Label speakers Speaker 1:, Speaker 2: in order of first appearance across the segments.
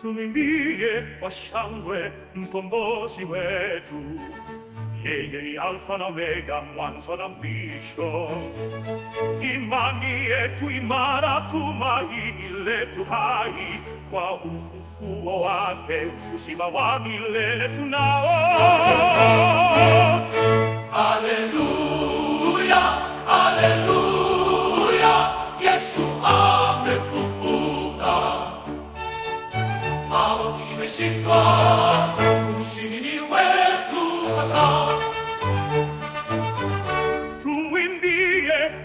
Speaker 1: tumimbie kwa shangwe mkombozi wetu. Yeye ni Alfa na Omega, mwanzo na mwisho. Imani yetu imara, tumaini letu hai, kwa ufufuo wake uzima wa milele tunao
Speaker 2: 아버지 메시아 우시니 왜두 사사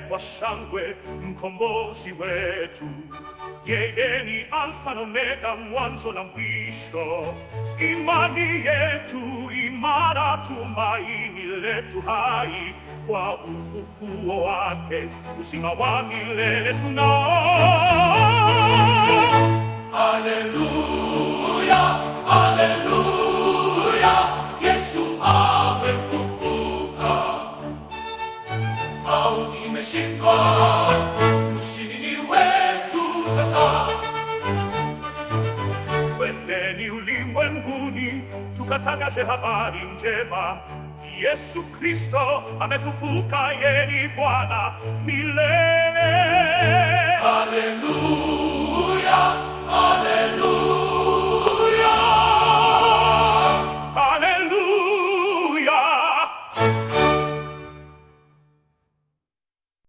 Speaker 1: qua sangue combosi we tu Ieni mega muanzo l'ambiscio Imani e hai Qua ufufu o ake usima tu no
Speaker 2: Alleluia mshini wetu sasa,
Speaker 1: tukatangaze habari njema, Yesu Kristo amefufuka, yeye ni Bwana milele.